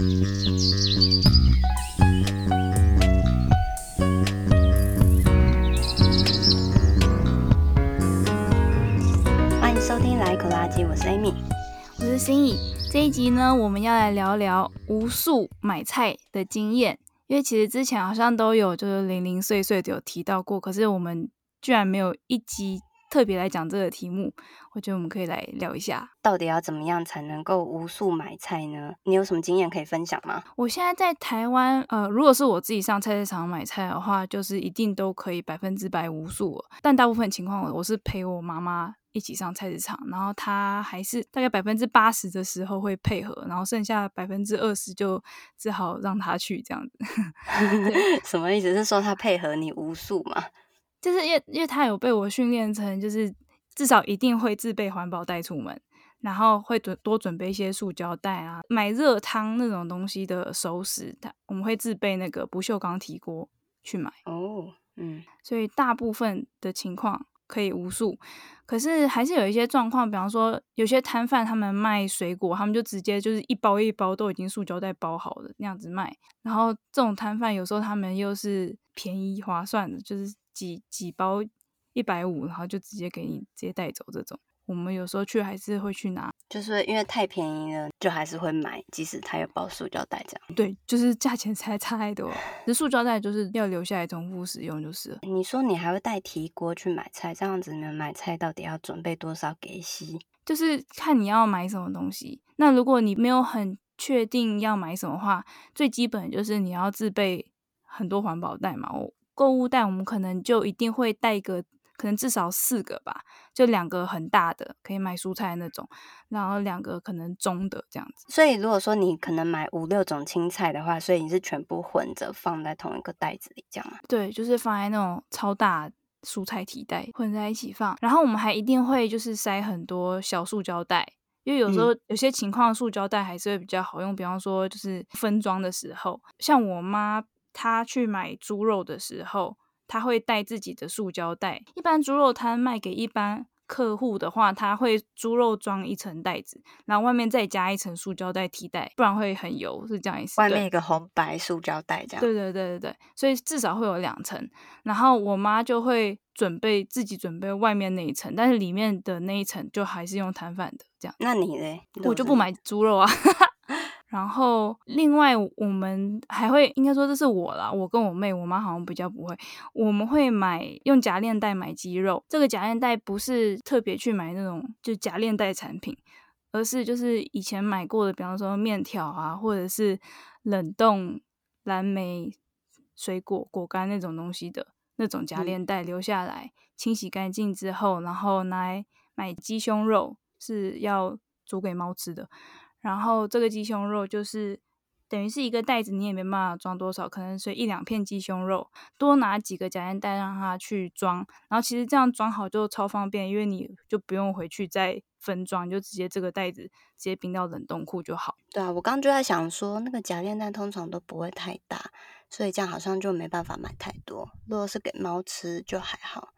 歡迎收聽《來一口垃圾》，我是 Amy，我是心怡。這一集呢，我們要來聊聊裸買買菜的經驗，因為其實之前好像都有就是零零碎碎的有提到過，可是我們居然沒有一集特別來講這個題目。我覺得我們可以來聊一下，到底要怎麼樣才能夠無塑買菜呢？你有什麼經驗可以分享嗎？我現在在台灣，呃，如果是我自己上菜市場買菜的話，就是一定都可以百分之百無塑。但大部分情況，我我是陪我媽媽一起上菜市場，然後她還是大概百分之八十的時候會配合，然後剩下百分之二十就只好讓她去這樣子。 對什麼意思？是說她配合你無塑嗎？就是因為，因為她有被我訓練成就是。至少一定會自備環保袋出門，然後會准多準備一些塑膠袋啊，買熱湯那種東西的熟食，它我們會自備那個不鏽鋼提鍋去買。哦，oh, 嗯，所以大部分的情況可以無塑，可是還是有一些狀況，比方說有些攤販他們賣水果，他們就直接就是一包一包都已經塑膠袋包好了那樣子賣，然後這種攤販有時候他們又是便宜划算的，就是幾幾包。一百五，150, 然後就直接給你直接帶走這種。我們有時候去還是會去拿，就是因為太便宜了，就還是會買，即使它有包塑膠袋這樣。對，就是價錢差差太多，其實 塑膠袋就是要留下來重複使用，就是。你說你還會帶提鍋去買菜，這樣子你們買菜到底要準備多少給？給息？就是看你要買什麼東西。那如果你沒有很確定要買什麼話，最基本就是你要自備很多環保袋嘛。我購物袋，我們可能就一定會帶一個。可能至少四個吧，就兩個很大的可以買蔬菜那種，然後兩個可能中的這樣子。所以如果說你可能買五六種青菜的話，所以你是全部混着放在同一個袋子裡，這樣。對，就是放在那種超大蔬菜提袋，混在一起放。然後我們還一定會就是塞很多小塑膠袋，因為有時候有些情況塑膠袋還是會比較好用。嗯。比方說就是分裝的時候，像我媽她去買豬肉的時候。他會帶自己的塑膠袋。一般豬肉攤賣給一般客戶的話，他會豬肉裝一層袋子，然後外面再加一層塑膠袋替代，不然會很油，是這樣意思。外面一個紅白塑膠袋這樣。對對對對對，所以至少會有兩層。然後我媽就會準備自己準備外面那一層，但是裡面的那一層就還是用攤販的這樣。那你嘞？我就不買豬肉啊。 然後，另外我們還會，應該說這是我啦，我跟我妹、我媽好像比較不會，我們會買用夾鏈袋買雞肉。這個夾鏈袋不是特別去買那種就夾鏈袋產品，而是就是以前買過的，比方說麵條啊，或者是冷凍藍莓水果果乾那種東西的那種夾鏈袋留下來、嗯、清洗乾淨之後，然後拿來買雞胸肉，是要煮給貓吃的。然後這個雞胸肉就是等於是一個袋子，你也沒辦法裝多少，可能是一兩片雞胸肉，多拿幾個夾鏈袋讓它去裝。然後其實這樣裝好就超方便，因為你就不用回去再分裝，你就直接這個袋子直接冰到冷凍庫就好。對啊，我剛就在想說，那個夾鏈袋通常都不會太大，所以這樣好像就沒辦法買太多。如果是給貓吃就還好。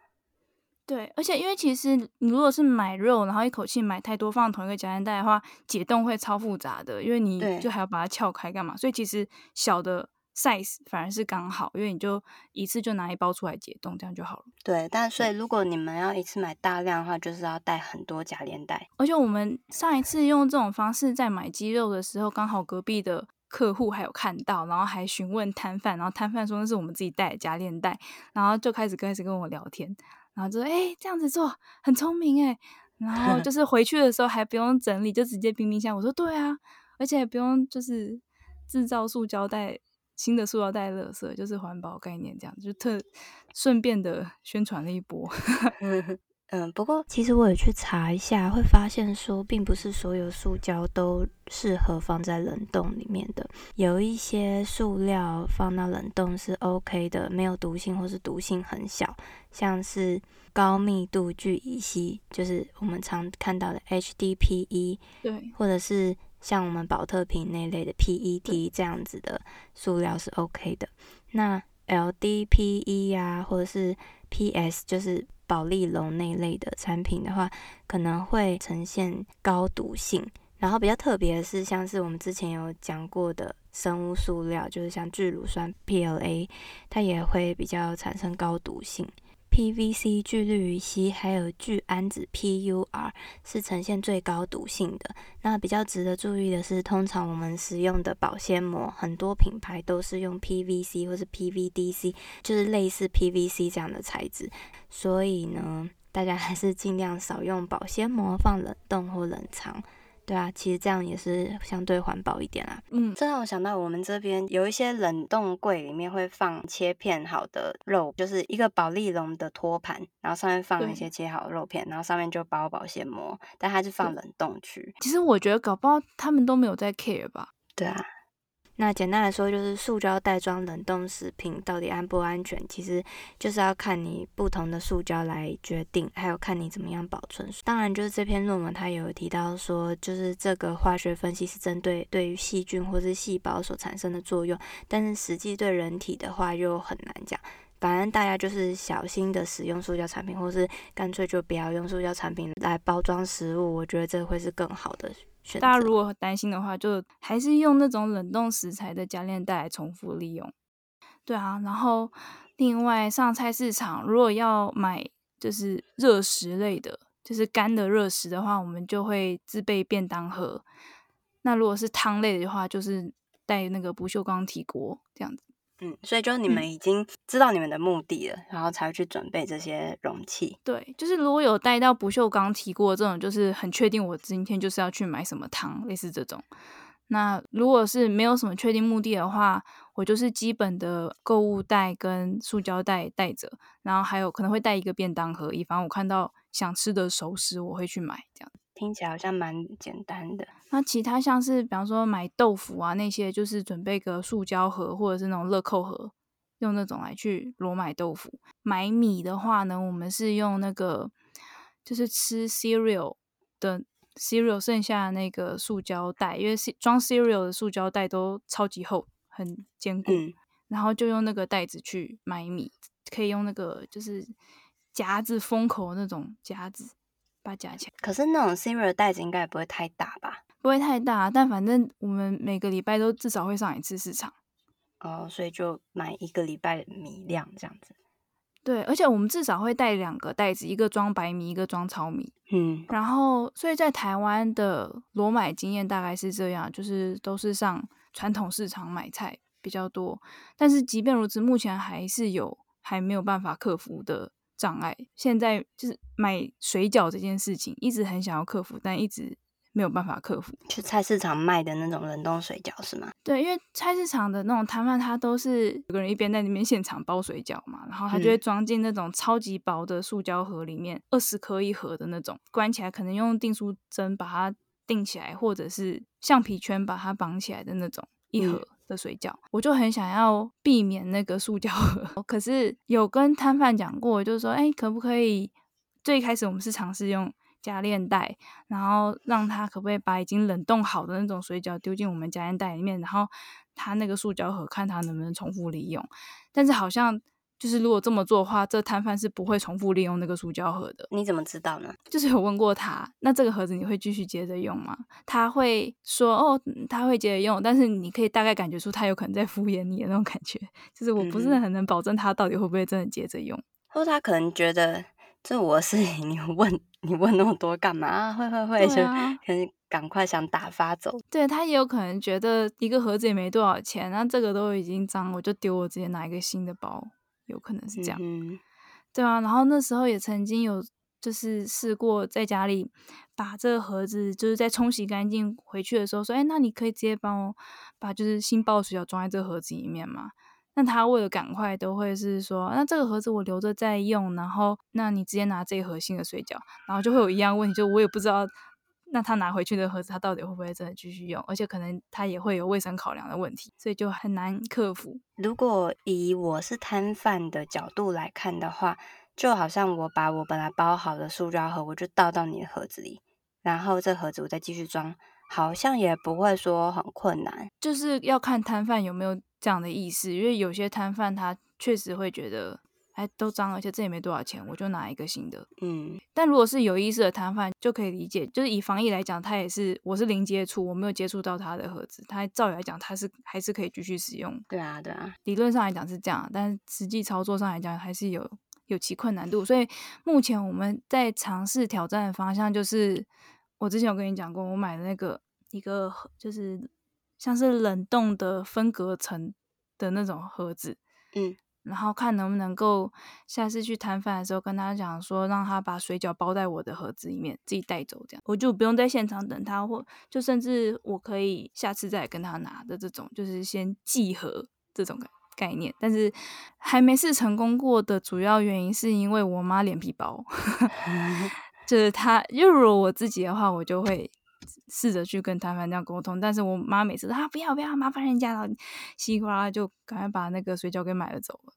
對，而且因為其實，你如果是買肉，然後一口氣買太多，放同一個夾鏈袋的話，解凍會超複雜的，因為你就還要把它撬開幹嘛？對所以其實小的 size 反而是剛好，因為你就一次就拿一包出來解凍，這樣就好了。對，但所以如果你們要一次買大量的話，就是要帶很多夾鏈袋。對而且我們上一次用這種方式在買雞肉的時候，剛好隔壁的客戶還有看到，然後還詢問攤販，然後攤販說那是我們自己帶的夾鏈袋，然後就開始開始跟我聊天。然後就說：“哎，這樣子做很聰明哎。”然後就是回去的時候還不用整理，就直接冰冰箱。我說：“對啊，而且不用就是制造塑膠袋，新的塑膠袋垃圾，垃圾就是環保概念，這樣就特順便的宣傳了一波。 ”嗯，不過其實我也去查一下，會發現說，並不是所有塑膠都適合放在冷凍裡面的。有一些塑料放到冷凍是 OK 的，沒有毒性或是毒性很小，像是高密度聚乙烯，就是我們常看到的 HDPE，對，或者是像我們寶特瓶那類的 PET 這樣子的塑料是 OK 的。那 LDPE 呀、啊，或者是 PS，就是。寶麗龍那類的產品的話，可能會呈現高毒性。然後比較特別的是像是我們之前有講過的生物塑料，就是像聚乳酸 （PLA），它也會比較產生高毒性。PVC 聚氯乙烯、還有聚氨酯 PUR 是呈現最高毒性的。那比較值得注意的是，通常我們使用的保鮮膜，很多品牌都是用 PVC 或是 PVDC 就是類似 PVC 這樣的材質。所以呢，大家還是盡量少用保鮮膜放冷凍或冷藏。對啊，其實這樣也是相對環保一點啊。嗯，這讓我想到我們這邊有一些冷凍櫃裡面會放切片好的肉，就是一個保麗龍的托盤，然後上面放一些切好的肉片，對然後上面就包保鮮膜，但它是放冷凍區。其實我覺得搞不好他們都沒有在 care 吧。對啊。那簡單來說，就是塑膠袋裝冷凍食品到底安不安全，其實就是要看你不同的塑膠來決定，還有看你怎麼樣保存。當然，就是這篇論文它也有提到說，就是這個化學分析是針對對於細菌或是細胞所產生的作用，但是實際對人體的話又很難講。反正大家就是小心的使用塑膠產品，或是乾脆就不要用塑膠產品來包裝食物，我覺得這會是更好的。大家如果擔心的話，就還是用那種冷凍食材的夾鏈袋來重複利用。對啊，然後另外上菜市場，如果要買就是熱食類的，就是乾的熱食的話，我們就會自備便當盒。那如果是湯類的話，就是帶那個不銹鋼提鍋這樣子。嗯，所以就你們已經知道你們的目的了，嗯、然後才會去準備這些容器。對，就是如果有帶到不鏽鋼提鍋，這種就是很確定我今天就是要去買什麼湯，類似這種。那如果是沒有什麼確定目的的話，我就是基本的購物袋跟塑膠袋帶，帶着，然後還有可能會帶一個便當盒，以防我看到想吃的熟食我會去買這樣。聽起來好像蠻簡單的。那其他像是，比方說買豆腐啊，那些就是準備個塑膠盒或者是那種樂扣盒，用那種來去裸買豆腐。買米的話呢，我們是用那個就是吃 cereal 的 cereal 剩下那個塑膠袋，因為裝 cereal 的塑膠袋都超級厚，很堅固，嗯、然後就用那個袋子去買米，可以用那個就是夾子封口那種夾子。把價錢，可是那種 cereal 袋子應該也不會太大吧？不會太大，但反正我們每個禮拜都至少會上一次市場，哦，所以就買一個禮拜米量這樣子。對，而且我們至少會帶兩個袋子，一個裝白米，一個裝糙米。嗯，然後，所以在台灣的裸買經驗大概是這樣，就是都是上傳統市場買菜比較多。但是即便如此，目前還是有還沒有辦法克服的障礙，現在就是買水餃這件事情，一直很想要克服，但一直沒有辦法克服。去菜市場賣的那種冷凍水餃是嗎？對，因為菜市場的那種攤販，他都是有個人一邊在那邊現場包水餃嘛，然後他就會裝進那種超級薄的塑膠盒裡面，二十顆一盒的那種，關起來可能用訂書針把它釘起來，或者是橡皮圈把它綁起來的那種一盒。嗯的水餃，我就很想要避免那個塑膠盒。可是有跟攤販講過，就是說，誒、欸，可不可以？最開始我們是嘗試用夾鏈袋，然後讓他可不可以把已經冷凍好的那種水餃丟進我們夾鏈袋裡面，然後他那個塑膠盒，看他能不能重複利用。但是好像，就是如果這麼做的話，這攤販是不會重複利用那個塑膠盒的。你怎麼知道呢？就是有問過他，那這個盒子你會繼續接着用嗎？他會說哦、嗯，他會接着用，但是你可以大概感覺出他有可能在敷衍你的那種感覺。就是我不是很能保證他到底會不會真的接着用，嗯、或他可能覺得這我的事，你問你問那麼多幹嘛？會會會，啊、就可能趕快想打發走。對，他也有可能覺得一個盒子也沒多少錢，那這個都已經髒了，我就丟，我直接拿一個新的包。有可能是這樣，對啊。然後那時候也曾經有，就是試過在家裡把這個盒子，就是在沖洗乾淨回去的時候，說：“哎、欸，那你可以直接幫我把就是新包的水餃裝在這個盒子裡面嘛？”那他為了趕快，都會是說：“那這個盒子我留着再用，然後那你直接拿這一盒新的水餃。”然後就會有一樣問題，就我也不知道。那他拿回去的盒子，他到底會不會再繼續用？而且可能他也會有衛生考量的問題，所以就很難克服。如果以我是攤販的角度來看的話，就好像我把我本來包好的塑膠盒，我就倒到你的盒子裡，然後這盒子我再繼續裝，好像也不會說很困難。就是要看攤販有沒有這樣的意識，因為有些攤販他確實會覺得。還都髒，而且這也沒多少錢，我就拿一個新的。嗯，但如果是有意識的攤販，就可以理解，就是以防疫來講，他也是，我是零接觸，我沒有接觸到他的盒子，他照理來講，他是還是可以繼續使用。對啊、嗯，對啊，理論上來講是這樣，但實際操作上來講還是有有其困難度，所以目前我們在嘗試挑戰的方向就是，我之前有跟你講過，我買的那個一個就是像是冷凍的分隔層的那種盒子，嗯。然後看能不能夠下次去攤販的時候跟他講說，讓他把水餃包在我的盒子裡面，自己帶走，這樣我就不用在現場等他，或就甚至我可以下次再跟他拿的這種，就是先寄盒這種概念。但是還沒試成功過的主要原因是因為我媽臉皮薄， 就是她。又如果我自己的話，我就會。試着去跟攤販這樣溝通，但是我媽每次說，啊不要不要麻煩人家了，然後西瓜就趕快把那個水餃給買了走了，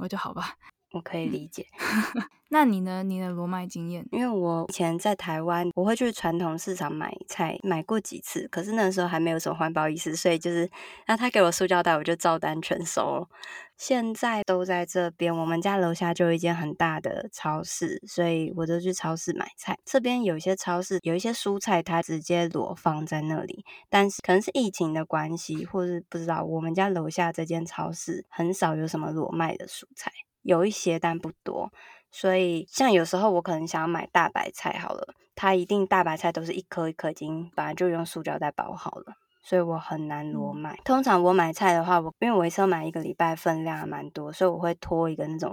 我就好吧。我可以理解，嗯、 那你呢？你的裸賣經驗？因為我以前在台灣，我會去傳統市場買菜，買過幾次。可是那時候還沒有什麼環保意識，所以就是，那、啊、他給我塑膠袋，我就照單全收了。現在都在這邊，我們家樓下就有一間很大的超市，所以我都去超市買菜。這邊有一些超市有一些蔬菜，它直接裸放在那裡，但是可能是疫情的關係，或是不知道，我們家樓下這間超市很少有什麼裸賣的蔬菜。有一些，但不多，所以像有時候我可能想要買大白菜，好了，它一定大白菜都是一顆一顆，已經本來就用塑膠袋包好了，所以我很難裸買。嗯、通常我買菜的話，我因為我一次買一個禮拜分量還蠻多，所以我會拖一個那種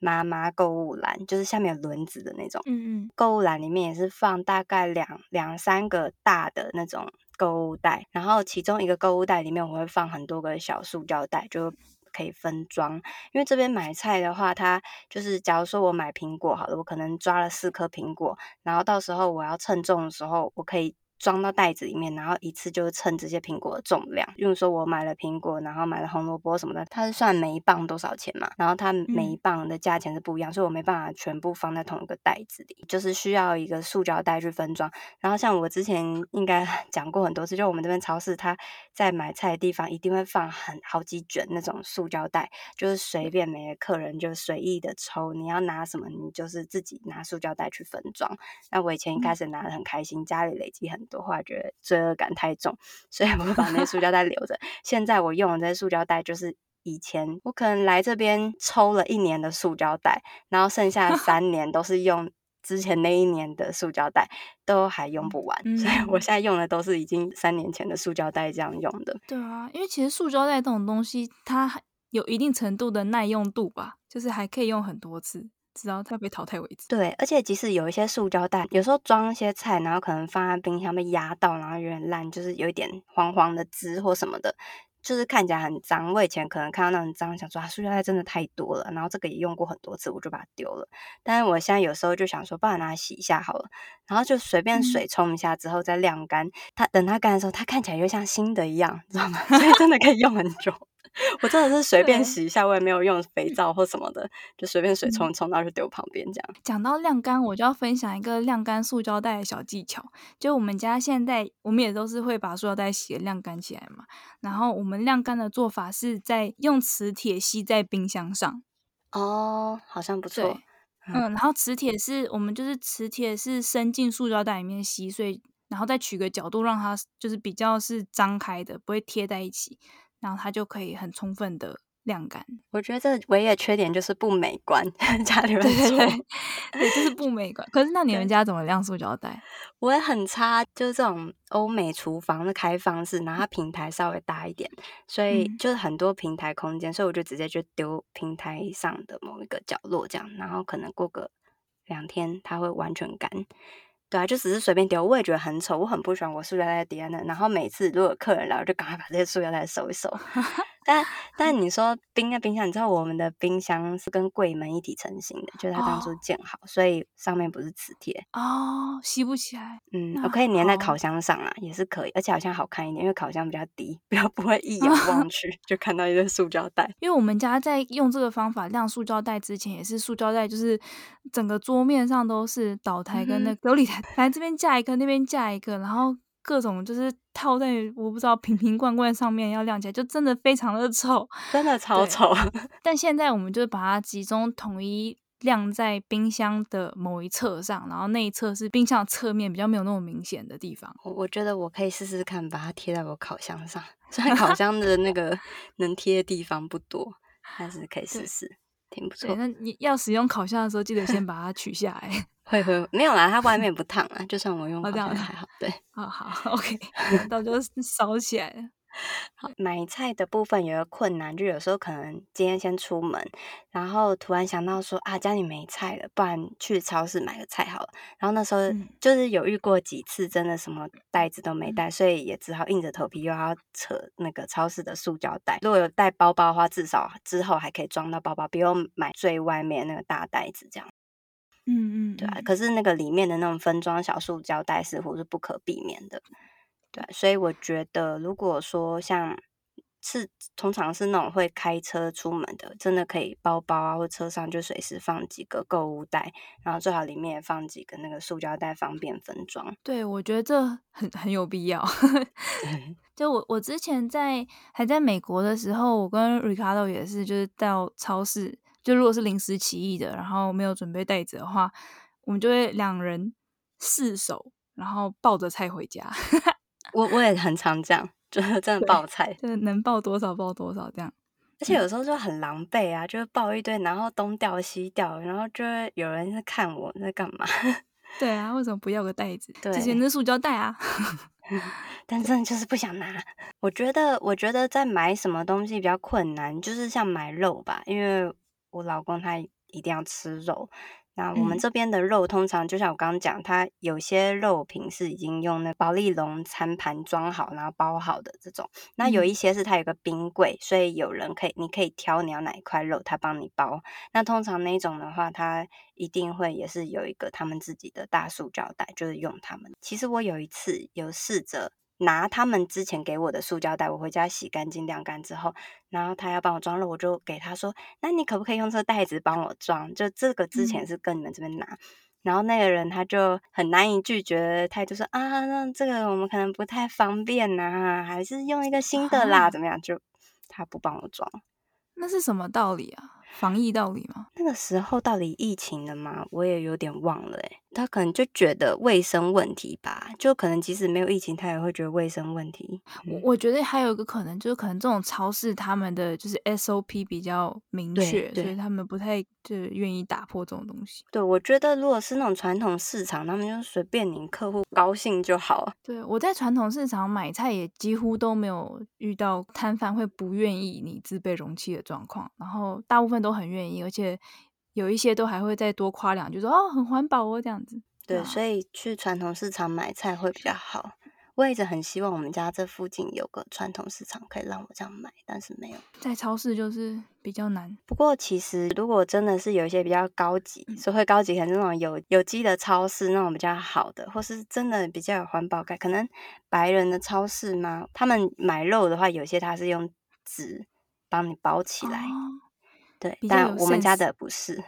媽媽購物籃，就是下面有輪子的那種。嗯嗯。購物籃裡面也是放大概兩兩三個大的那種購物袋，然後其中一個購物袋裡面我會放很多個小塑膠袋，就是。可以分裝，因為這邊買菜的話，它就是，假如說我買蘋果，好了，我可能抓了四顆蘋果，然後到時候我要稱重的時候，我可以。裝到袋子裡面，然後一次就稱這些蘋果的重量。比如說我買了蘋果，然後買了紅蘿蔔什麼的，它是算每一磅多少錢嘛，然後它每一磅的價錢是不一樣，嗯、所以我沒辦法全部放在同一個袋子裡，就是需要一個塑膠袋去分裝。然後像我之前應該講過很多次，就我們這邊超市它在買菜的地方一定會放很好幾捲那種塑膠袋，就是隨便每個客人就隨意的抽，你要拿什麼你就是自己拿塑膠袋去分裝。那我以前一開始拿得很開心，家裡累積很的話覺得罪惡感太重，所以我把那塑膠袋留着。 現在我用的這些塑膠袋就是以前我可能來這邊抽了一年的塑膠袋，然後剩下三年都是用之前那一年的塑膠袋， 都還用不完，所以我現在用的都是已經三年前的塑膠袋這樣用的。 對啊，因為其實塑膠袋這種東西，它有一定程度的耐用度吧，就是還可以用很多次。直到它被淘汰為止。對，而且即使有一些塑膠袋，有時候裝一些菜，然後可能放在冰箱被壓到，然後有點爛，就是有一點黃黃的汁或什麼的，就是看起來很髒。我以前可能看到那種髒，想說、啊、塑膠袋真的太多了。然後這個也用過很多次，我就把它丟了。但是我現在有時候就想說，不然拿來洗一下好了，然後就隨便水衝一下之後再晾乾。嗯、它等它乾的時候，它看起來又像新的一樣，你知道嗎？ 所以真的可以用很久。 我真的是隨便洗一下，對我也沒有用肥皂或什麼的，就隨便水沖沖，然後就丟旁邊這樣。講到晾乾，我就要分享一個晾乾塑膠袋的小技巧。就我們家現在，我們也都是會把塑膠袋洗晾乾起來嘛。然後我們晾乾的做法是在用磁鐵吸在冰箱上。哦，oh, 好像不錯。嗯， 然後磁鐵是我們就是磁鐵是伸進塑膠袋裡面吸，所以然後再取個角度讓它就是比較是張開的，不會貼在一起。然後它就可以很充分的晾乾。我覺得這唯一的缺點就是不美觀，家裡面對對，對，對就是不美觀。 可是那你們家怎麼晾塑膠袋？我也很差，就是這種歐美廚房的開放式，然後它平台稍微大一點，所以就是很多平台空間，嗯、所以我就直接就丟平台上的某一個角落這樣，然後可能過個兩天它會完全乾。對啊，就只是隨便丟，我也覺得很醜，我很不喜歡我塑膠袋疊的。然後每次如果有客人來，我就趕快把這些塑膠袋收一收。 但但你說，冰在冰箱，你知道我們的冰箱是跟櫃門一體成型的，就是它當初建好，oh. 所以上面不是磁鐵哦，吸、oh, 不起來。嗯，我可以粘在烤箱上啊，oh. 也是可以，而且好像好看一點，因為烤箱比較低，不要不會一眼望去、oh. 就看到一個塑膠袋。因為我們家在用這個方法晾塑膠袋之前，也是塑膠袋，就是整個桌面上都是島台跟那個、流理台、嗯、哼，來這邊架一個，那邊架一個，然後各種就是。套在我不知道瓶瓶罐罐上面要晾起來，就真的非常的臭，真的超臭。對 但現在我們就是把它集中統一晾在冰箱的某一側上，然後那一側是冰箱側面比較沒有那麼明顯的地方。我我覺得我可以試試看，把它貼在我烤箱上，雖然烤箱的那個能貼的地方不多， 但是可以試試，對挺不錯。那你要使用烤箱的時候，記得先把它取下來。 會會，沒有啦，它外面不燙啊。 就算我用，不燙還好，對。好好，OK，那就燒起來好， 買菜的部分有一個困難，就有時候可能今天先出門，然後突然想到說啊，家裡沒菜了，不然去超市買個菜好了。然後那時候就是有遇過幾次，是真的什麼袋子都沒帶，嗯、所以也只好硬着頭皮又要扯那個超市的塑膠袋。如果有帶包包的話，至少之後還可以裝到包包，不用買最外面那個大袋子這樣。嗯嗯，嗯，對啊，可是那個裡面的那種分裝小塑膠袋似乎是不可避免的。對啊，所以我覺得如果說像是通常是那種會開車出門的，真的可以包包啊或車上就隨時放幾個購物袋，然後最好裡面也放幾個那個塑膠袋，方便分裝。對，我覺得這很很有必要。 就我我之前在還在美國的時候，我跟 Ricardo 也是就是到超市。就如果是臨時起意的，然後沒有準備袋子的話，我們就會兩人四手，然後抱着菜回家。 我我也很常這樣，就是真的抱菜，就是能抱多少抱多少這樣。而且有時候就很狼狽啊，就是抱一堆，然後東掉西掉，然後就會有人在看我在幹嘛。 對啊，為什麼不要個袋子？之前對那塑膠袋啊。 但真的就是不想拿。我覺得，我覺得在買什麼東西比較困難，就是像買肉吧，因為。我老公他一定要吃肉，那我們這邊的肉、嗯、通常就像我剛剛講，他有些肉品是已經用那保麗龍餐盤裝好，然後包好的這種。那有一些是它有個冰櫃，所以有人可以，你可以挑你要哪一塊肉，他幫你包。那通常那種的話，他一定會也是有一個他們自己的大塑膠袋，就是用他們。其實我有一次有試着。拿他們之前給我的塑膠袋，我回家洗乾淨晾乾之後，然後他要幫我裝了，我就給他說，那你可不可以用這個袋子幫我裝？就這個之前是跟你們這邊拿，嗯、然後那個人他就很難以拒絕，他就說啊，那這個我們可能不太方便吶、啊，還是用一個新的啦，啊、怎麼樣？就他不幫我裝，那是什麼道理啊？防疫道理嗎？那個時候到底疫情了嗎？我也有點忘了誒，他可能就覺得衛生問題吧，就可能即使沒有疫情，他也會覺得衛生問題。我我覺得還有一個可能就是，可能這種超市他們的就是 SOP 比較明確，所以他們不太就願意打破這種東西。對，我覺得如果是那種傳統市場，他們就隨便你客戶高興就好了。對，我在傳統市場買菜也幾乎都沒有遇到攤販會不願意你自備容器的狀況，然後大部分。都很願意，而且有一些都還會再多誇兩句，就說，啊很環保哦，保我這樣子。對，哇所以去傳統市場買菜會比較好。我一直很希望我們家這附近有個傳統市場，可以讓我這樣買，但是沒有。在超市就是比較難。不過其實如果真的是有一些比較高級，所謂、嗯、高級，可能那種有有機的超市，那種比較好的，或是真的比較有環保感，可能白人的超市嘛，他們買肉的話，有些他是用紙幫你包起來。哦對，但我們家的不是，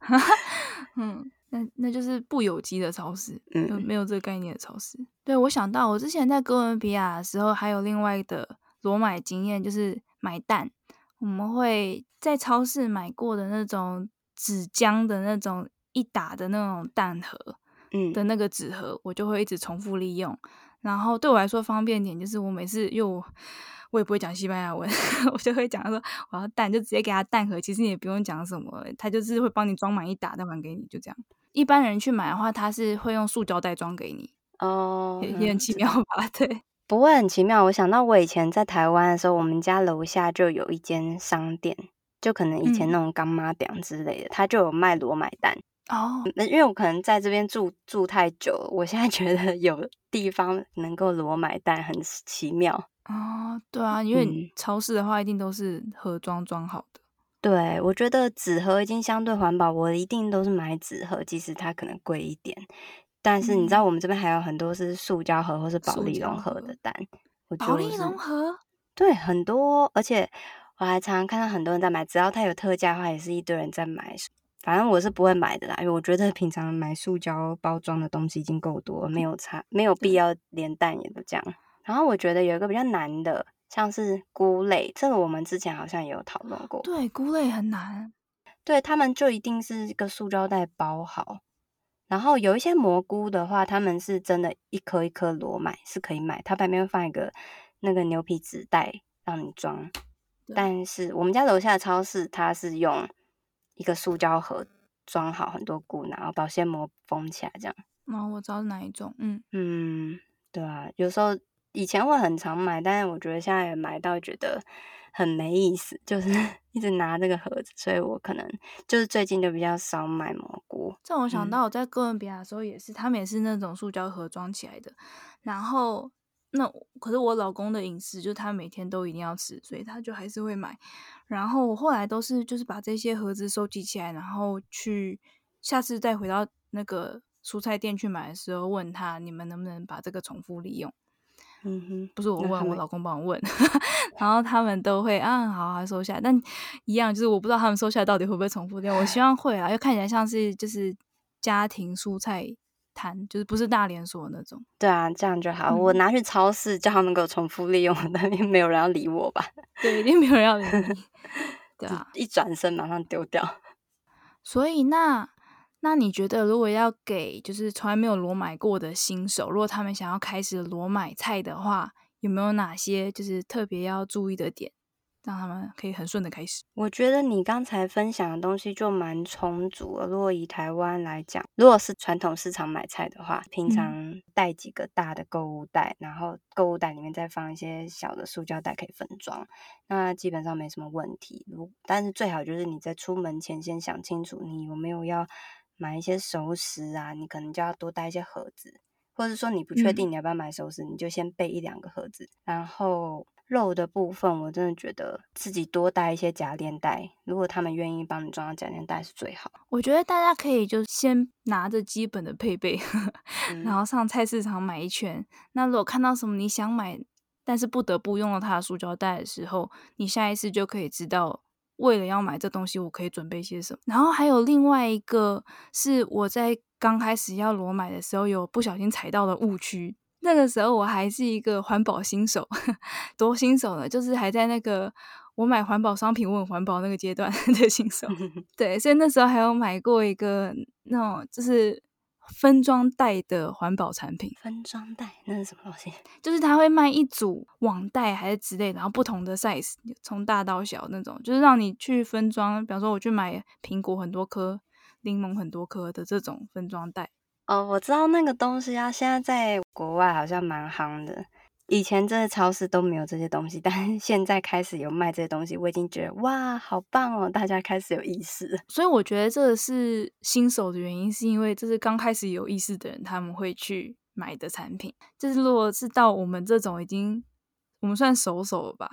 嗯，那那就是不有機的超市，嗯，沒有這個概念的超市。嗯嗯。對，我想到我之前在哥倫比亞的時候，還有另外的裸買的經驗，就是買蛋，我們會在超市買過的那種紙漿的那種一打的那種蛋盒，嗯，的那個紙盒，嗯、我就會一直重複利用。然後對我來說方便點，就是我每次又我也不會講西班牙文， 我就會講說我要蛋，就直接給他蛋盒，其實你也不用講什麼，他就是會幫你裝滿一打蛋盒給你，就這樣。一般人去買的話，他是會用塑膠袋裝給你哦，也也很奇妙吧、oh, 嗯？對，不會很奇妙。我想到我以前在台灣的時候，我們家樓下就有一間商店，就可能以前那種干媽店之類的，他、嗯、就有賣裸賣蛋。哦，那因為我可能在這邊住住太久了，我現在覺得有地方能夠裸買蛋很奇妙。哦，對啊，因為超市的話一定都是盒裝裝好的。嗯。對，我覺得紙盒已經相對環保，我一定都是買紙盒，其實它可能貴一點。但是你知道，我們這邊還有很多是塑膠盒或是保麗龍盒的蛋。保麗龍盒？盒對，很多，而且我還常常看到很多人在買，只要它有特價的話，也是一堆人在買。反正我是不會買的啦，因為我覺得平常買塑膠包裝的東西已經夠多，沒有差，沒有必要連蛋也都這樣。然後我覺得有一個比較難的，像是菇類，這個我們之前好像也有討論過。對，菇類很難。對，他們就一定是一個塑膠袋包好，然後有一些蘑菇的話，他們是真的一顆一顆，一顆一顆裸買是可以買，它旁邊會放一個那個牛皮紙袋讓你裝。對但是我們家樓下的超市它是用，一個塑膠盒裝好很多菇，然後保鮮膜封起來，這樣。然後、哦、我知道是哪一種。嗯嗯，對啊，有時候以前會很常買，但是我覺得現在也買到覺得很沒意思，就是一直拿這個盒子，所以我可能就是最近就比較少買蘑菇。這我想到我在哥倫比亞的時候也是，嗯、他們也是那種塑膠盒裝起來的，然後。那可是我老公的飲食，就是他每天都一定要吃，所以他就還是會買。然後我後來都是就是把這些盒子收集起來，然後去下次再回到那個蔬菜店去買的時候問他，你們能不能把這個重複利用？嗯哼，不是我問，嗯、哼我老公幫我問。 然後他們都會啊，好啊，好收下。但一樣就是我不知道他們收下到底會不會重複利用，唉我希望會啊，要看起來像是就是家庭蔬菜攤就是不是大連鎖那種，對啊，這樣就好。嗯，我拿去超市叫他能夠重複利用，那邊沒有人要理我吧？對，一定沒有人要理你。 對啊，一轉身馬上丟掉。所以那那你覺得，如果要給就是從來沒有裸買過的新手，如果他們想要開始裸買菜的話，有沒有哪些就是特別要注意的點？讓他們可以很順的開始。我覺得你剛才分享的東西就蠻充足了。如果以台灣來講，如果是傳統市場買菜的話，平常帶幾個大的購物袋，嗯、然後購物袋裡面再放一些小的塑膠袋可以分裝，那基本上沒什麼問題。如但是最好就是你在出門前先想清楚，你有沒有要買一些熟食啊？你可能就要多帶一些盒子，或者說你不確定你要不要買熟食，嗯、你就先備一兩個盒子，然後。肉的部分，我真的覺得自己多帶一些夾鏈袋。如果他們願意幫你裝到夾鏈袋，是最好。我覺得大家可以就先拿着基本的配備，嗯、然後上菜市場買一圈。那如果看到什麼你想買，但是不得不用到它的塑膠袋的時候，你下一次就可以知道，為了要買這東西，我可以準備些什麼。然後還有另外一個，是我在剛開始要裸買的時候，有不小心踩到的誤區。那個時候我還是一個環保新手，多新手呢？就是還在那個我買環保商品、我很環保那個階段的新手。對，所以那時候還有買過一個那種就是分裝袋的環保產品。分裝袋那是什麼東西？就是它會賣一組網袋還是之類，然後不同的 size 從大到小那種，就是讓你去分裝。比方說我去買蘋果很多顆、檸檬很多顆的這種分裝袋。哦，我知道那個東西啊，現在在國外好像蠻夯的。以前真的超市都沒有這些東西，但現在開始有賣這些東西，我已經覺得哇，好棒哦！大家開始有意識，所以我覺得這是新手的原因，是因為這是剛開始有意識的人他們會去買的產品。就是如果是到我們這種已經我們算熟手了吧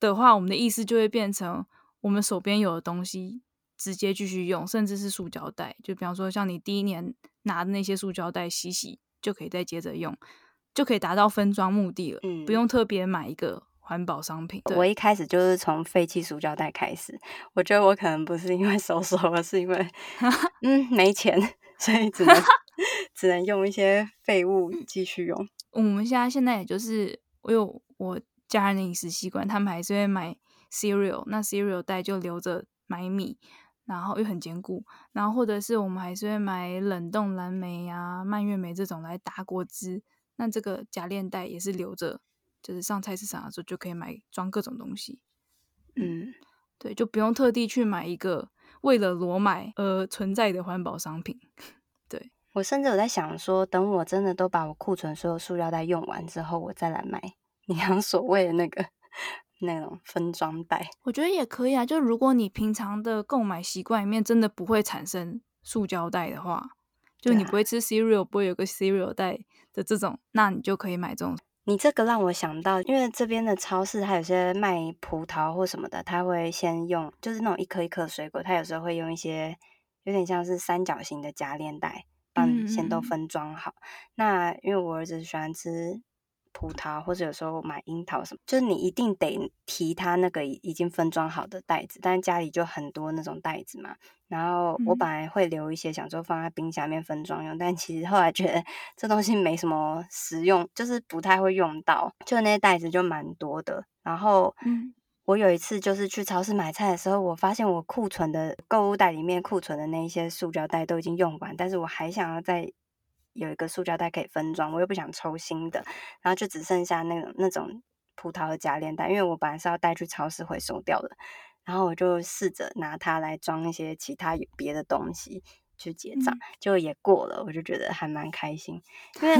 的話，我們的意識就會變成我們手邊有的東西直接繼續用，甚至是塑膠袋，就比方說像你第一年拿的那些塑膠袋，洗洗就可以再接着用，就可以達到分裝目的了，嗯、不用特別買一個環保商品。對。我一開始就是從廢棄塑膠袋開始，我覺得我可能不是因為手手，而是因為 嗯沒錢，所以只能 只能用一些廢物繼續用。我們現在現在也就是，我有我家人的飲食習慣，他們還是會買 cereal，那 cereal 袋就留着買米。然後又很堅固，然後或者是我們還是會買冷凍藍莓呀、啊、蔓越莓這種來打果汁。那這個夾鏈袋也是留着，就是上菜市場的時候就可以買裝各種東西。嗯，對，就不用特地去買一個為了裸買而存在的環保商品。對，我甚至有在想說，等我真的都把我庫存所有塑料袋用完之後，我再來買你講所謂的那個。那種分裝袋，我覺得也可以啊。就如果你平常的購買習慣裡面真的不會產生塑膠袋的話，就你不會吃 cereal、啊、不會有個 cereal 袋的這種，那你就可以買這種。你這個讓我想到，因為這邊的超市它有些賣葡萄或什麼的，它會先用就是那種一顆一顆水果，它有時候會用一些有點像是三角形的夾鏈袋幫你先都分裝好。嗯、那因為我兒子喜歡吃。葡萄或者有時候買櫻桃什麼，就是你一定得提它那個已經分裝好的袋子。但家裡就很多那種袋子嘛，然後我本來會留一些，想說放在冰箱裡面分裝用。嗯、但其實後來覺得這東西沒什麼實用，就是不太會用到，就那些袋子就蠻多的。然後、嗯、我有一次就是去超市買菜的時候，我發現我庫存的購物袋裡面庫存的那一些塑膠袋都已經用完，但是我還想要再。有一個塑膠袋可以分裝，我又不想抽新的，然後就只剩下那種那種葡萄的夾鏈袋。因為我本來是要帶去超市回收掉的，然後我就試着拿它來裝一些其他有別的東西去結賬，嗯、就也過了，我就覺得還蠻開心，因為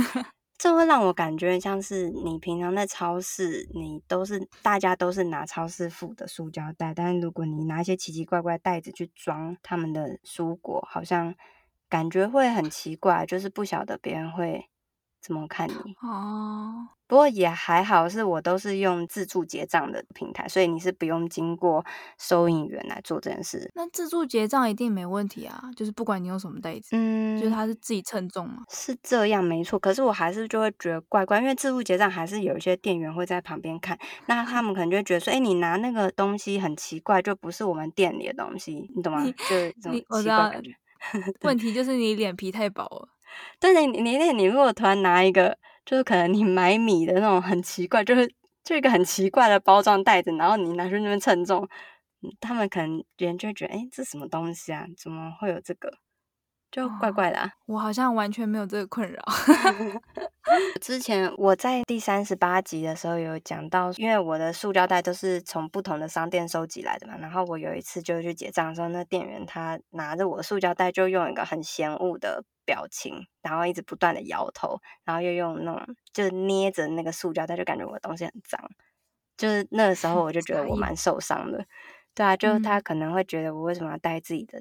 這會讓我感覺像是你平常在超市，你都是大家都是拿超市附的塑膠袋，但是如果你拿一些奇奇怪怪袋子去裝他們的蔬果，好像。感覺會很奇怪，就是不曉得別人會怎麼看你哦。Oh. 不過也還好，是我都是用自助結賬的平台，所以你是不用經過收銀員來做這件事。那自助結賬一定沒問題啊，就是不管你用什麼袋子，嗯，就是他是自己稱重嘛，是這樣，沒錯。可是我還是就會覺得怪怪，因為自助結賬還是有一些店員會在旁邊看，那他們可能就覺得說，哎、欸，你拿那個東西很奇怪，就不是我們店裡的東西，你懂嗎？你就是這種奇怪的感覺。 問題就是你臉皮太薄了。但是你那，你如果突然拿一個，就是可能你買米的那種很奇怪，就是就一個很奇怪的包裝袋子，然後你拿去那邊稱重，他們可能別人就會覺得，哎，這什麼東西啊？怎麼會有這個？就怪怪的啊，oh, 我好像完全沒有這個困擾。 之前我在第三十八集的時候有講到，因為我的塑膠袋都是從不同的商店收集來的嘛。然後我有一次就去結賬的時候，那店員他拿着我的塑膠袋，就用一個很嫌惡的表情，然後一直不斷的搖頭，然後又用那種就是捏着那個塑膠袋，就感覺我的東西很髒。就是那個時候，我就覺得我蠻受傷的。 對啊，就是他可能會覺得我為什麼要帶自己的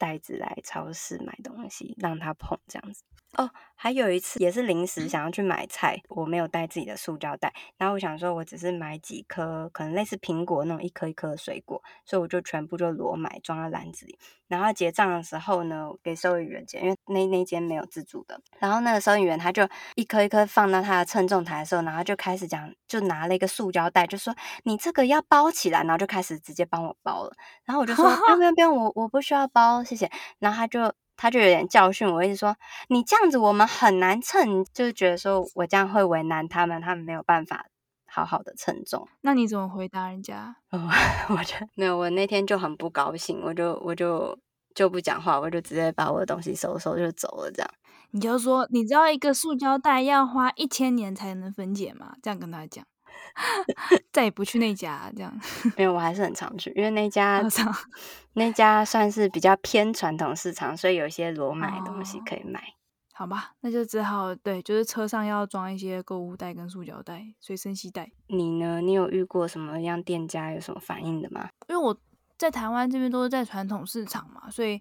袋子來超市買東西，讓他捧這樣子。哦，還有一次也是臨時想要去買菜，嗯、我沒有帶自己的塑膠袋，然後我想說，我只是買幾顆可能類似蘋果那種一顆一顆的水果，所以我就全部就裸買裝在籃子裡。然後結賬的時候呢，給收銀員結，因為那那間沒有自助的。然後那個收銀員他就一顆一顆放到他的稱重台的時候，然後就開始講，就拿了一個塑膠袋，就說你這個要包起來，然後就開始直接幫我包了。然後我就說，呵呵，不用不用不用，我我不需要包，謝謝。然後他就。他就有點教訓我，我一直說你這樣子，我們很難稱，就是覺得說我這樣會為難他們，他們沒有辦法好好的稱重。那你怎麼回答人家？嗯、哦，我就沒有，我那天就很不高興，我就我就就不講話，我就直接把我的東西收收就走了，這樣。你就說你知道一個塑膠袋要花一千年才能分解嗎？這樣跟他講。 再也不去那家、啊、這樣， 沒有，我還是很常去，因為那家 那家算是比較偏傳統市場，所以有一些裸買的東西可以買、哦、好吧，那就只好對，就是車上要裝一些購物袋跟塑膠袋、隨身攜帶。你呢？你有遇過什麼樣店家有什麼反應的嗎？因為我在台灣這邊都是在傳統市場嘛，所以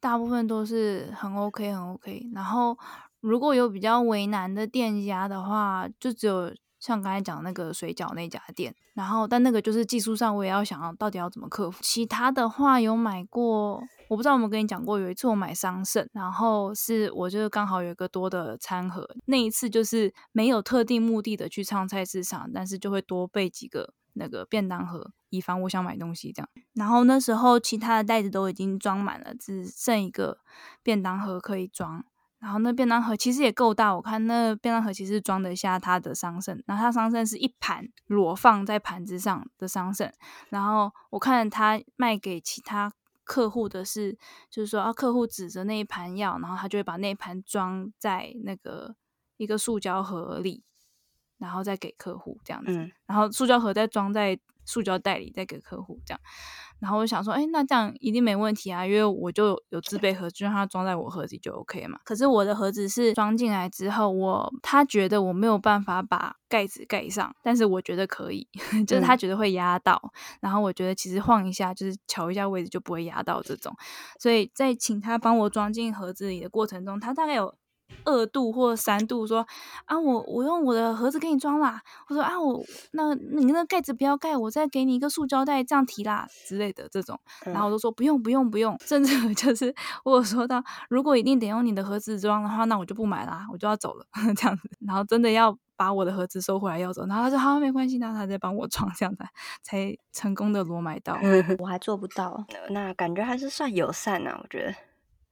大部分都是很 OK 很 OK。然後如果有比較為難的店家的話，就只有。像剛才講的那個水餃那家店，然後但那個就是技術上我也要想，到底要怎麼克服。其他的話有買過，我不知道有沒有跟你講過，有一次我買桑葚，然後是我就是剛好有一個多的餐盒，那一次就是沒有特定目的的去逛菜市場，但是就會多備幾個那個便當盒，以防我想買東西這樣。然後那時候其他的袋子都已經裝滿了，只剩一個便當盒可以裝。然後那便當盒其實也夠大，我看那便當盒其實裝得下他的桑葚，然後他桑葚是一盤裸放在盤子上的桑葚，然後我看他賣給其他客戶的是，就是說啊客戶指着那一盤要，然後他就會把那盤裝在那個一個塑膠盒裡。然後再給客戶這樣子，嗯、然後塑膠盒再裝在塑膠袋裡再給客戶這樣，然後我想說，哎，那這樣一定沒問題啊，因為我就有，有自備盒子，就讓他裝在我盒子裡就 OK 嘛。可是我的盒子是裝進來之後，我他覺得我沒有辦法把蓋子蓋上，但是我覺得可以，就是他覺得會壓到，嗯、然後我覺得其實晃一下，就是瞧一下位置就不會壓到這種。所以在請他幫我裝進盒子裡的過程中，他大概有。二度或三度說啊，我我用我的盒子給你裝啦。我說啊，我那你那個蓋子不要蓋，我再給你一個塑膠袋這樣提啦之類的這種。嗯、然後我都說不用不用不用，甚至就是我有說到如果一定得用你的盒子裝的話，那我就不買啦，我就要走了這樣子。然後真的要把我的盒子收回來要走，然後他說好、啊、沒關係，那他再幫我裝，這樣才才成功的裸買到。嗯、我還做不到，那感覺還是算友善吶、啊，我覺得。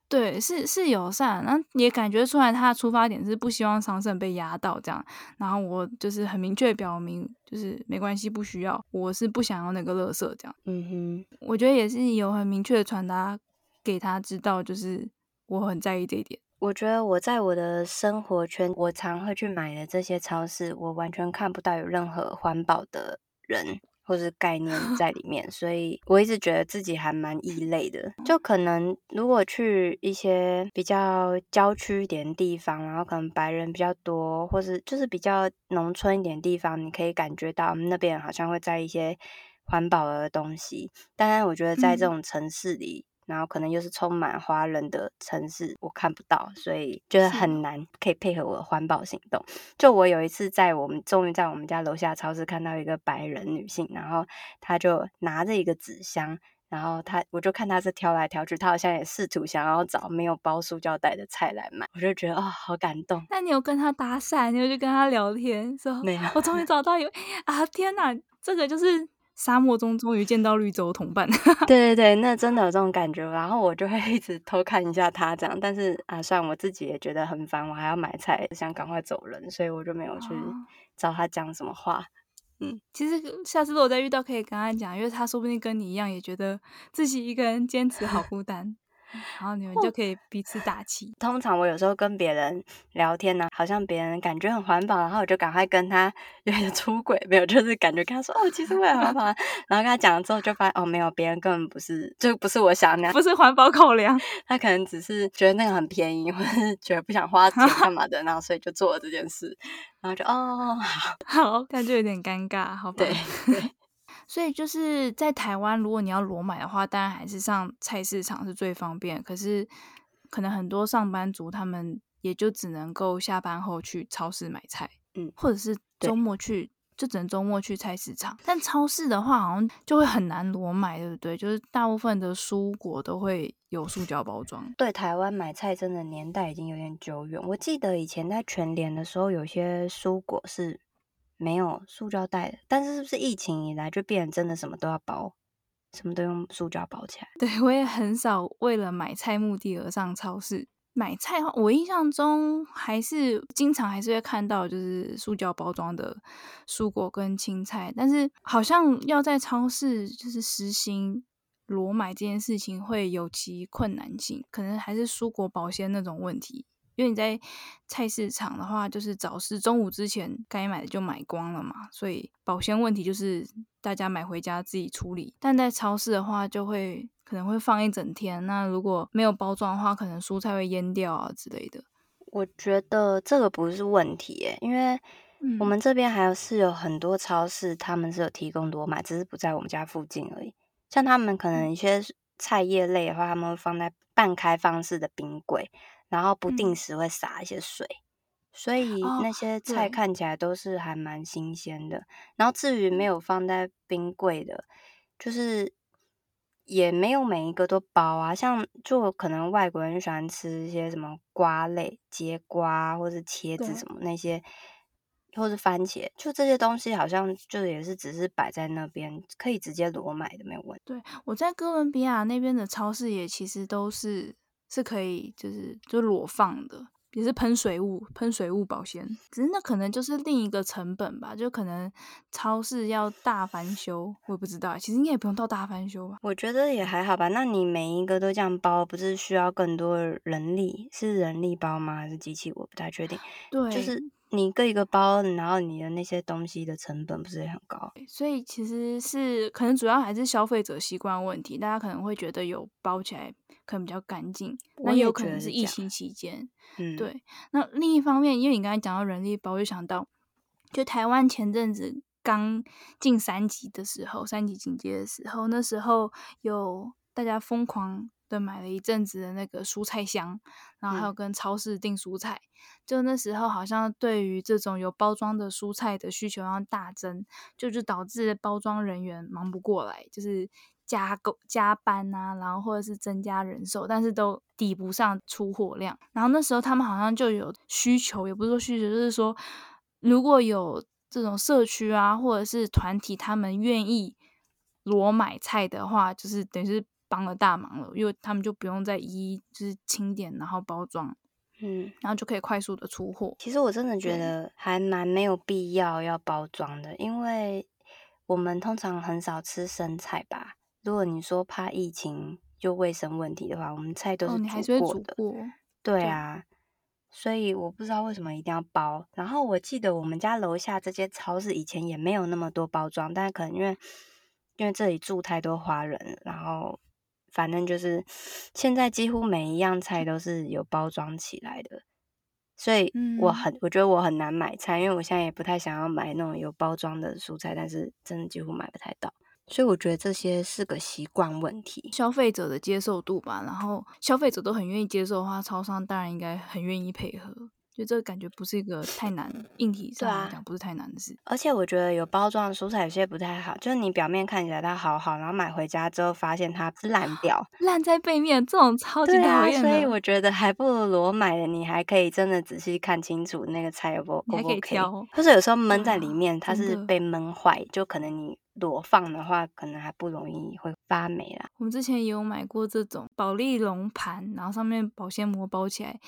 對，是是友善，那也感覺出來他的出發點是不希望喪生被壓到這樣，然後我就是很明確表明，就是沒關係，不需要，我是不想要那個垃圾這樣。嗯哼，我覺得也是有很明確的傳達給他知道，就是我很在意這一點。我覺得我在我的生活圈，我常會去買的這些超市，我完全看不到有任何環保的人。嗯或是概念在裡面，所以我一直覺得自己還蠻異類的。就可能如果去一些比較郊區一點地方，然後可能白人比較多，或是就是比較農村一點地方，你可以感覺到那邊好像會在一些環保的東西。當然，我覺得在這種城市裡。嗯然後可能又是充滿華人的城市，我看不到，所以覺得很難可以配合我的環保行動。是就我有一次在我們終於在我們家樓下超市看到一個白人女性，然後她就拿着一個紙箱，然後她我就看她是挑來挑去，她好像也試圖想要找沒有包塑膠袋的菜來買，我就覺得哦好感動。那你有跟她搭訕，你有去跟她聊天？說沒有，我終於找到有 啊！天哪，這個就是。沙漠中終於見到綠洲，同伴。 對對對，那真的有這種感覺。然後我就會一直偷看一下他這樣，但是啊，雖然我自己也覺得很煩，我還要買菜，想趕快走人，所以我就沒有去找他講什麼話。啊、嗯，其實下次如果再遇到，可以跟他講，因為他說不定跟你一樣，也覺得自己一個人堅持好孤單。 然後你們就可以彼此打氣。通常我有時候跟別人聊天呢、啊，好像別人感覺很環保，然後我就趕快跟他有點出軌，沒有，就是感覺跟他說哦，其實我也環保。 然後跟他講了之後，就發現哦，沒有，別人根本不是，就不是我想那樣，不是環保考量。他可能只是覺得那個很便宜，或者是覺得不想花錢幹嘛的， 然後所以就做了這件事，然後就哦，好，那就有點尷尬，好吧？對 所以就是在台灣，如果你要裸買的話，當然還是上菜市場是最方便。可是可能很多上班族他們也就只能夠下班後去超市買菜，嗯，或者是周末去，對就只能周末去菜市場。但超市的話，好像就會很難裸買，對不對？就是大部分的蔬果都會有塑膠包裝。對，台灣買菜真的年代已經有點久遠。我記得以前在全聯的時候，有些蔬果是。沒有塑膠袋，但是是不是疫情以來就變成真的什麼都要包，什麼都用塑膠包起來？對，我也很少為了買菜目的而上超市買菜。我印象中還是經常還是會看到就是塑膠包裝的蔬果跟青菜，但是好像要在超市就是實行裸買這件事情會有其困難性，可能還是蔬果保鮮那種問題。因為你在菜市場的話，就是早市中午之前該買的就買光了嘛，所以保鮮問題就是大家買回家自己處理。但在超市的話，就會可能會放一整天。那如果沒有包裝的話，可能蔬菜會蔫掉啊之類的。我覺得這個不是問題耶，因為我們這邊還是有很多超市，他們是有提供裸買，只是不在我們家附近而已。像他們可能一些菜葉類的話，他們會放在半開放式的冰櫃。然後不定時會撒一些水，嗯、所以那些菜看起來都是還蠻新鮮的。哦、然後至於沒有放在冰櫃的，就是也沒有每一個都包啊。像就可能外國人喜歡吃一些什麼瓜類，節瓜或者茄子什麼那些，對或是番茄，就這些東西好像就也是只是擺在那邊，可以直接裸買的沒有問題。對，我在哥倫比亞那邊的超市也其實都是。是可以，就是就裸放的，也是噴水霧，噴水霧保鮮。只是那可能就是另一個成本吧，就可能超市要大翻修，我也不知道。其實應該也不用到大翻修吧，我覺得也還好吧。那你每一個都這樣包，不是需要更多人力？是人力包嗎？還是機器？我不太確定。對，就是。你一個一個包，然後你的那些東西的成本不是也很高？所以其實是可能主要還是消費者習慣問題，大家可能會覺得有包起來可能比較乾淨，那也有可能是疫情期間，嗯，對。那另一方面，因為你剛才講到人力包，我就想到，就台灣前陣子剛進三級的時候，三級警戒的時候，那時候有大家瘋狂。對，買了一陣子的那個蔬菜箱，然後還有跟超市訂蔬菜，嗯、就那時候好像對於這種有包裝的蔬菜的需求量大增，就就導致包裝人員忙不過來，就是加工加班啊，然後或者是增加人手，但是都抵不上出貨量。然後那時候他們好像就有需求，也不是說需求，就是說如果有這種社區啊或者是團體，他們願意裸買菜的話，就是等於是，幫了大忙了，因為他們就不用再一一就是清點，然後包裝，嗯，然後就可以快速的出貨。其實我真的覺得還蠻沒有必要要包裝的，嗯、因為我們通常很少吃生菜吧。如果你說怕疫情就衛生問題的話，我們菜都是煮過的。哦、你還是會煮過對啊，對所以我不知道為什麼一定要包。然後我記得我們家樓下這間超市以前也沒有那麼多包裝，但可能因為因為這裡住太多華人，然後。反正就是，現在幾乎每一樣菜都是有包裝起來的，所以我很、嗯、我覺得我很難買菜，因為我現在也不太想要買那種有包裝的蔬菜，但是真的幾乎買不太到，所以我覺得這些是個習慣問題，消費者的接受度吧，然後消費者都很願意接受的話，超商當然應該很願意配合。就這個感覺不是一個太難硬體，嗯、上講不是太難的事啊，而且我覺得有包裝的蔬菜有些不太好，就是你表面看起來它好好，然後買回家之後發現它是爛掉，爛在背面這種超級討厭啊。所以我覺得還不如裸買的，你還可以真的仔細看清楚那個菜有沒有不 OK，就是有時候悶在裡面，啊、它是被悶壞，就可能你。裸放的話，可能還不容易會發霉啦。我們之前也有買過這種保利龍盤，然後上面保鮮膜包起來，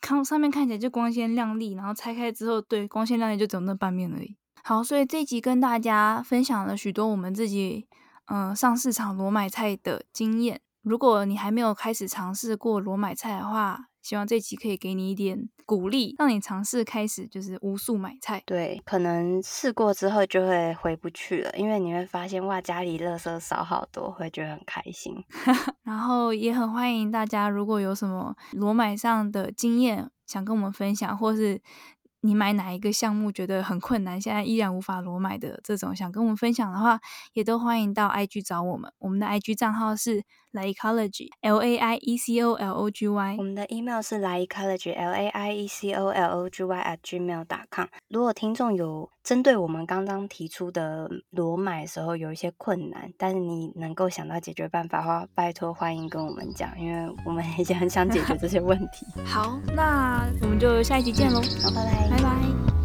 看上面看起來就光鮮亮麗，然後拆開之後，對，光鮮亮麗就只有那半面而已。好，所以這集跟大家分享了許多我們自己，嗯、呃，上市場裸買菜的經驗。如果你還沒有開始嘗試過裸買菜的話，希望這期可以給你一點鼓勵，讓你嘗試開始就是裸買買菜。對，可能試過之後就會回不去了，因為你會發現哇，家裡垃圾少好多，會覺得很開心。 然後也很歡迎大家，如果有什麼裸買上的經驗想跟我們分享，或是你買哪一個項目覺得很困難，現在依然無法裸買的這種，想跟我們分享的話，也都歡迎到 IG 找我們。我們的 IG 賬號是。laiecology L A I E C O L O G Y，我們的 email 是 laiecology L A I E C O L O G Y at gmail.com。如果聽眾有針對我們剛剛提出的裸買時候有一些困難，但是你能夠想到解決辦法的話，拜託歡迎跟我們講，因為我們也很想解決這些問題。 好，那我們就下一集見嘍。嗯。好，拜拜，拜拜。